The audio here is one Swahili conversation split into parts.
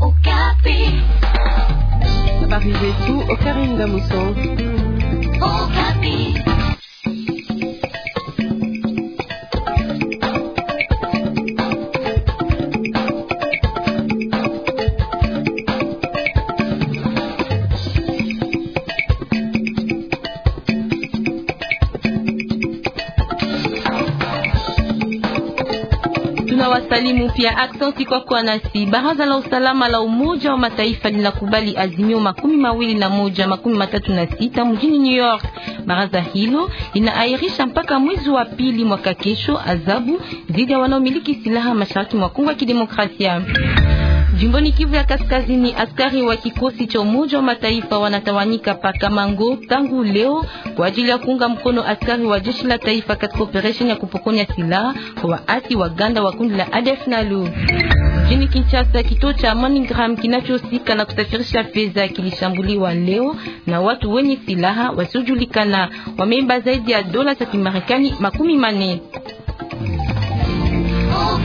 Okapi. salimu pia. aksenti kwa kuwa nasi. Baraza la usalama la Umoja wa Mataifa linakubali azimio makumi mawili na moja makumi matatu na sita mjini New York. Baraza hilo linaahirisha mpaka mwezi wa pili mwaka kesho adhabu dhidi ya wanaomiliki silaha mashariki mwa Kongo ya Kidemokrasia. Jimboni Kivu ya Kaskazini, askari wa kikosi cha Umoja wa Mataifa wanatawanyika pa Kamango tangu leo kwa ajili ya kuunga mkono askari wa jeshi la taifa katika operesheni ya kupokonya silaha kwa waasi wa Ganda wa kundi la ADF NALU. Jini Kinshasa, kituo cha MoneyGram kinachohusika na kusafirisha fedha kilishambuliwa leo na watu wenye silaha wasiojulikana. Wameiba zaidi ya dola za Kimarekani makumi manne. Oh,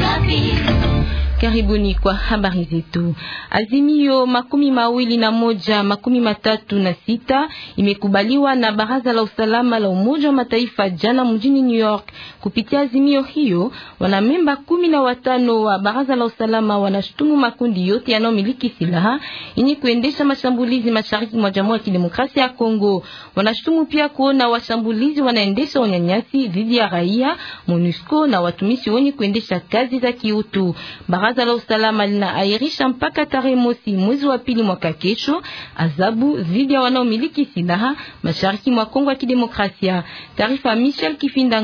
Karibuni kwa habari zetu. Azimio makumi mawili na moja makumi matatu na sita imekubaliwa na Baraza la Usalama la Umoja wa Mataifa jana mjini New York. Kupitia azimio hiyo, wanamemba kumi na watano wa Baraza la Usalama wanashutumu makundi yote yanayomiliki silaha yenye kuendesha mashambulizi mashariki mwa Jamhuri ya Kidemokrasia ya Kongo. Wanashutumu pia kuona washambulizi wanaendesha unyanyasi dhidi ya raia, MONUSCO na watumishi wenye kuendesha kazi za kiutu. Baraza Baraza la usalama linaahirisha mpaka tarehe mosi mwezi wa pili mwaka kesho azabu dhidi ya wanaomiliki silaha mashariki mwa Kongo ya Kidemokrasia. Taarifa Michel Kifinda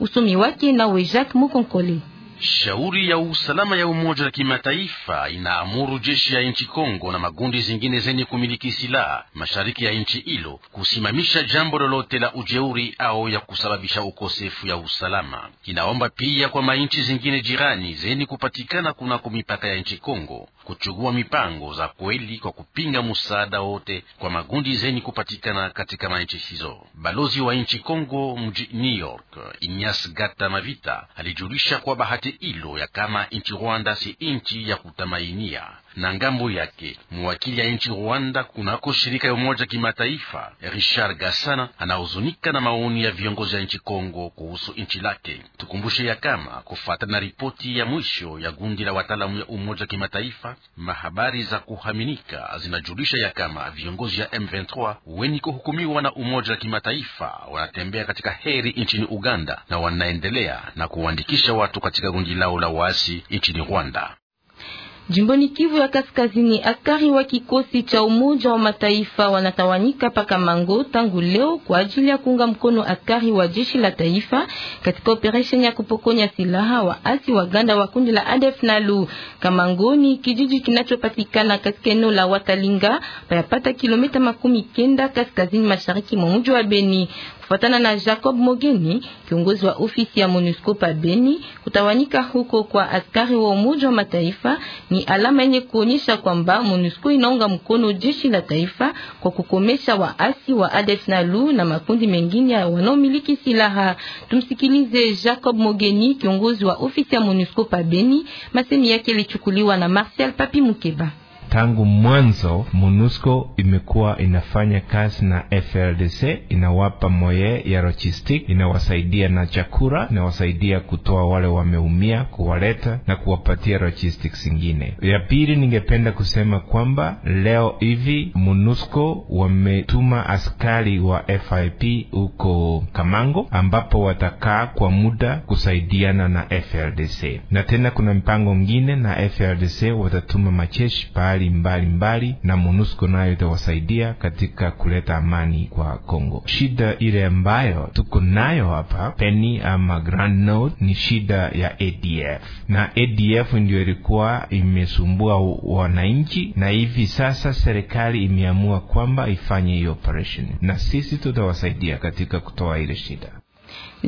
usomi wake na we Jacques Mukonkole. Shauri ya usalama ya Umoja wa Kimataifa inaamuru jeshi ya nchi Kongo na magundi zingine zenye kumiliki silaha mashariki ya nchi hilo kusimamisha jambo lolote la ujeuri au ya kusababisha ukosefu ya usalama. Inaomba pia kwa manchi zingine jirani zenye kupatikana kunako mipaka ya nchi Kongo kuchukua mipango za kweli kwa kupinga msaada wote kwa magundi zeni kupatikana katika manchi hizo. Balozi wa nchi Kongo mji New York Inyas Gata Mavita alijulisha kwa bahati ilo ya kama nchi Rwanda si nchi ya kutamainia na ngambo yake. Mwakili ya nchi Rwanda kunako shirika ya Umoja Kimataifa Richard Gasana anahuzunika na maoni ya viongozi ya nchi Kongo kuhusu nchi lake. Tukumbushe ya kama kufuatana na ripoti ya mwisho ya gundi la wataalamu ya Umoja Kimataifa, mahabari za kuhaminika zinajulisha ya kama viongozi ya M23 weni kuhukumiwa na Umoja wa Kimataifa wanatembea katika heri nchini Uganda na wanaendelea na kuandikisha watu katika gundi lao la waasi nchini Rwanda. Jimboni Kivu ya Kaskazini, askari wa kikosi cha Umoja wa Mataifa wanatawanyika paka mango tangu leo kwa ajili ya kuunga mkono askari wa jeshi la taifa katika operesheni ya kupokonya silaha waasi waganda wa kundi la ADF NALU. Kamangoni, kijiji kinachopatikana katika eneo la Watalinga, payapata kilomita makumi kenda kaskazini mashariki mwa mji wa Beni kufatana na Jacob Mogeni, kiongozi wa ofisi ya MONUSCO pa Beni. Kutawanyika huko kwa askari wa Umoja wa Mataifa ni alama yenye kuonyesha kwamba MONUSCO inaunga mkono jeshi la taifa kwa kukomesha waasi wa ADF NALU na makundi mengine wanaomiliki silaha. Tumsikilize Jacob Mogeni, kiongozi wa ofisi ya MONUSCO pa Beni. Masemi yake yalichukuliwa na Marcel Papi Mukeba tangu mwanzo MONUSCO imekuwa inafanya kazi na FRDC, inawapa moye ya logistic, inawasaidia na chakula, inawasaidia kutoa wale wameumia, kuwaleta na kuwapatia logistics zingine. Ya pili, ningependa kusema kwamba leo hivi MONUSCO wametuma askari wa FIP huko Kamango, ambapo watakaa kwa muda kusaidiana na FRDC, na tena kuna mpango mwingine na FRDC watatuma majeshi pale serikali mbalimbali na MONUSCO nayo itawasaidia katika kuleta amani kwa Kongo. Shida ile ambayo tuko nayo hapa Beni ama Grand Nord ni shida ya ADF, na ADF ndio ilikuwa imesumbua wananchi, na hivi sasa serikali imeamua kwamba ifanye hiyo operation, na sisi tutawasaidia katika kutoa ile shida.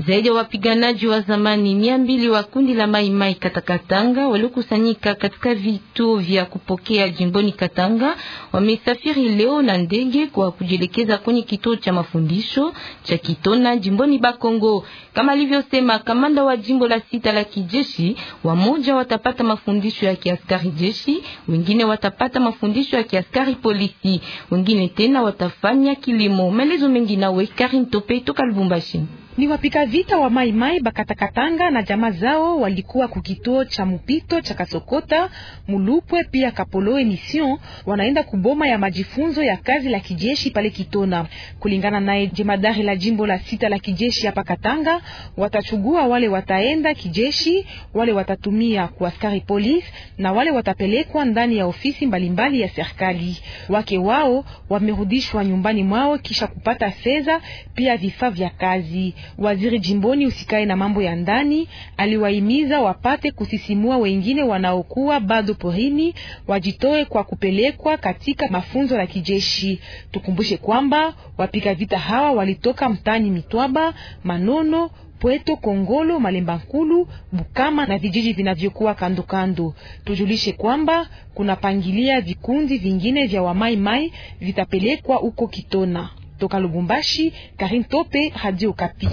Zaidi ya wapiganaji wa zamani mia mbili wa kundi la Mai Mai Katakatanga waliokusanyika katika vituo vya kupokea jimboni Katanga wamesafiri leo na ndege kwa kujielekeza kwenye kituo cha mafundisho cha Kitona jimboni Bakongo. Kama alivyosema kamanda wa jimbo la sita la kijeshi, wamoja watapata mafundisho ya kiaskari jeshi, wengine watapata mafundisho ya kiaskari polisi, wengine tena watafanya kilimo. Maelezo mengi nawe Karin Tope toka Lubumbashi. Ni wapika vita wa maimai bakatakatanga na jamaa zao walikuwa kukituo cha mpito cha Kasokota Mulupwe pia kapolo Mission, wanaenda kuboma ya majifunzo ya kazi la kijeshi pale Kitona. Kulingana naye jemadari la jimbo la sita la kijeshi hapa Katanga, watachugua wale wataenda kijeshi, wale watatumia kwa askari polisi na wale watapelekwa ndani ya ofisi mbalimbali ya serikali. Wake wao wamerudishwa nyumbani mwao kisha kupata fedha pia vifaa vya kazi. Waziri jimboni usikae na mambo ya ndani aliwahimiza wapate kusisimua wengine wanaokuwa bado porini, wajitoe kwa kupelekwa katika mafunzo ya kijeshi. Tukumbushe kwamba wapiga vita hawa walitoka mtani Mitwaba, Manono, Pweto, Kongolo, Malemba Nkulu, Bukama na vijiji vinavyokuwa kando kando. Tujulishe kwamba kuna pangilia vikundi vingine vya wamaimai vitapelekwa huko Kitona. Toka Lubumbashi, Karin Tope, Radio Kapi.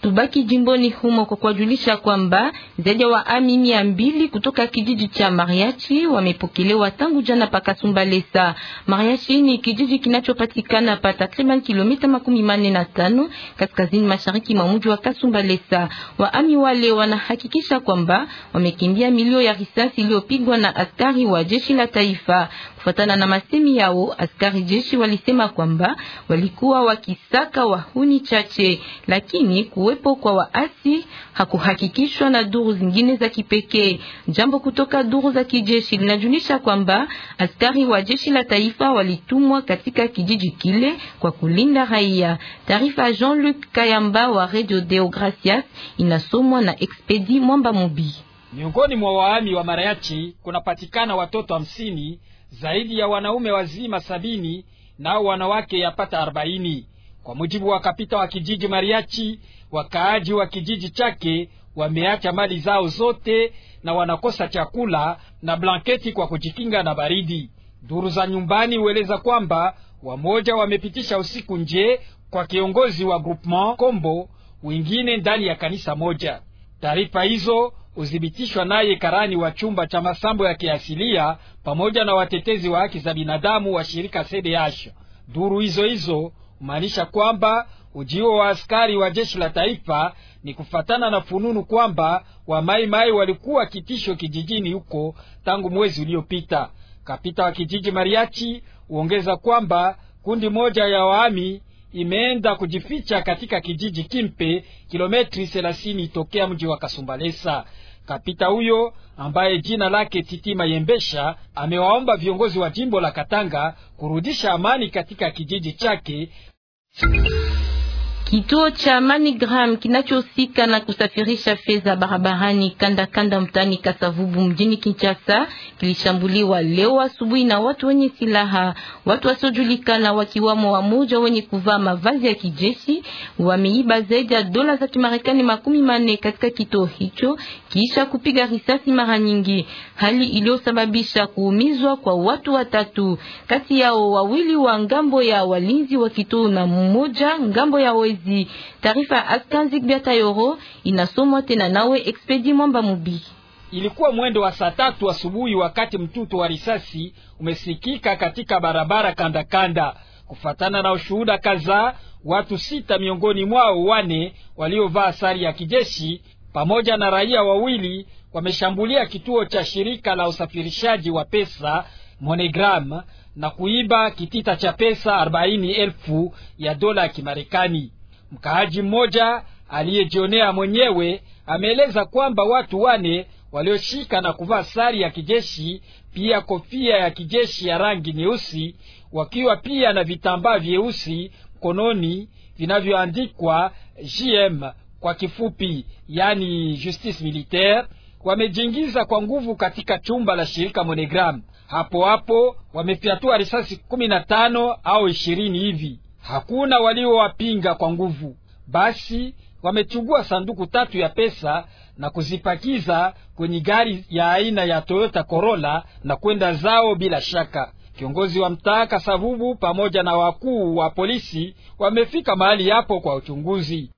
Tubaki jimboni humo kwa kuwajulisha kwamba zaidi ya waami mia mbili kutoka kijiji cha Mariachi wamepokelewa tangu jana pa Kasumbalesa. Mariachi ni kijiji kinachopatikana pa takriban kilomita makumi manne na tano kaskazini mashariki mwa mji wa Kasumbalesa. Waami wale wanahakikisha kwamba wamekimbia milio ya risasi iliyopigwa na askari wa jeshi la taifa. Kufuatana na masemi yao, askari jeshi walisema kwamba walikuwa wakisaka wahuni chache, lakini kuwa kuwepo kwa waasi hakuhakikishwa na duru zingine za kipekee. Jambo kutoka duru za kijeshi linajulisha kwamba askari wa jeshi la taifa walitumwa katika kijiji kile kwa kulinda raia. Taarifa ya Jean-Luc Kayamba wa Radio Deo Gracias inasomwa na Expedi Mwamba Mubi. Miongoni mwa waami wa Marayachi kunapatikana watoto hamsini, zaidi ya wanaume wazima sabini nao wanawake yapata arobaini. Kwa mujibu wa kapita wa kijiji Mariachi, wakaaji wa kijiji chake wameacha mali zao zote na wanakosa chakula na blanketi kwa kujikinga na baridi. Duru za nyumbani hueleza kwamba wamoja wamepitisha usiku nje kwa kiongozi wa groupement Kombo, wengine ndani ya kanisa moja. Taarifa hizo huthibitishwa naye karani wa chumba cha masambo ya kiasilia pamoja na watetezi wa haki za binadamu wa shirika CDH. Duru hizo hizo kumaanisha kwamba ujio wa askari wa jeshi la taifa ni kufatana na fununu kwamba wamaimai walikuwa kitisho kijijini huko tangu mwezi uliopita. Kapita wa kijiji Mariachi huongeza kwamba kundi moja ya waami imeenda kujificha katika kijiji Kimpe, kilometri 30 tokea mji wa Kasumbalesa. Kapita huyo ambaye jina lake Titi Mayembesha amewaomba viongozi wa jimbo la Katanga kurudisha amani katika kijiji chake. Kituo cha Manigram kinachohusika na kusafirisha fedha barabarani kanda kanda mtani Kasavubu mjini Kinshasa kilishambuliwa leo asubuhi na watu wenye silaha. Watu wasiojulikana wakiwamo wamoja wenye kuvaa mavazi ya kijeshi wameiba zaidi ya dola za Kimarekani makumi manne katika kituo hicho kisha kupiga risasi mara nyingi, hali iliyosababisha kuumizwa kwa watu watatu, kati yao wawili wa ngambo ya walinzi wa kituo na mmoja ngambo ya wezi Fizi. Taarifa ya Askanzik Biatayoro inasomwa tena nawe Expedi Mwamba Mubi. Ilikuwa mwendo wa saa tatu asubuhi wa wakati mtuto wa risasi umesikika katika barabara kandakanda kanda. Kufatana na ushuhuda kadhaa, watu sita miongoni mwao wane waliovaa sari ya kijeshi pamoja na raia wawili wameshambulia kituo cha shirika la usafirishaji wa pesa Monogram na kuiba kitita cha pesa 40,000 ya dola ya Kimarekani. Mkaaji mmoja aliyejionea mwenyewe ameeleza kwamba watu wane walioshika na kuvaa sari ya kijeshi pia kofia ya kijeshi ya rangi nyeusi, wakiwa pia na vitambaa vyeusi mkononi vinavyoandikwa gm kwa kifupi, yani justice militaire, wamejiingiza kwa nguvu katika chumba la shirika Monegram. Hapo hapo wamefyatua risasi kumi na tano au ishirini hivi hakuna waliowapinga kwa nguvu. Basi wamechugua sanduku tatu ya pesa na kuzipakiza kwenye gari ya aina ya Toyota Corolla na kwenda zao bila shaka. Kiongozi wa mtaa Kasavubu pamoja na wakuu wa polisi wamefika mahali hapo kwa uchunguzi.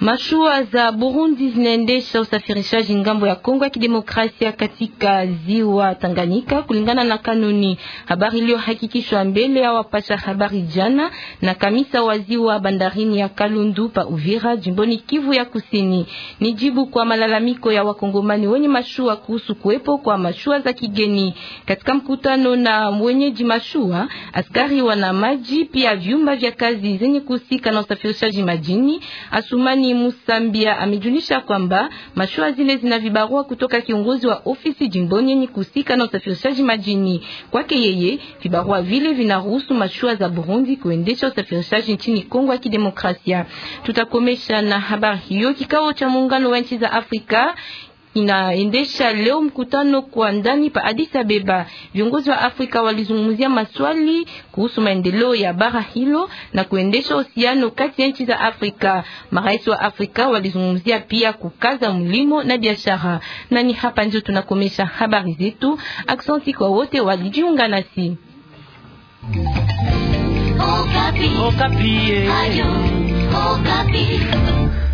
Mashua za Burundi zinaendesha usafirishaji ngambo ya Kongo ya Kidemokrasia katika ziwa Tanganyika kulingana na kanuni. Habari iliyohakikishwa mbele ya wapasha habari jana na kamisa wa ziwa bandarini ya Kalundu pa Uvira jimboni Kivu ya Kusini. Ni jibu kwa malalamiko ya wakongomani wenye mashua kuhusu kuwepo kwa mashua za kigeni. Katika mkutano na mwenyeji mashua, askari wana maji pia vyumba vya kazi zenye kuhusika na usafirishaji majini, Asumani Musambia amejulisha kwamba mashua zile zina vibarua kutoka kiongozi wa ofisi jimboni yenye kusika na usafirishaji majini. Kwake yeye, vibarua vile vinaruhusu mashua za Burundi kuendesha usafirishaji nchini Kongo ya Kidemokrasia. Tutakomesha na habari hiyo kikao cha muungano wa nchi za Afrika inaendesha leo mkutano kwa ndani pa Addis Abeba. Viongozi wa Afrika walizungumzia maswali kuhusu maendeleo ya bara hilo na kuendesha uhusiano kati ya nchi za Afrika. Marais wa Afrika walizungumzia pia kukaza mlimo na biashara. Na ni hapa ndio tunakomesha habari zetu. Asante kwa wote walijiunga nasi. Okapi. Okapi. Ayo. Okapi.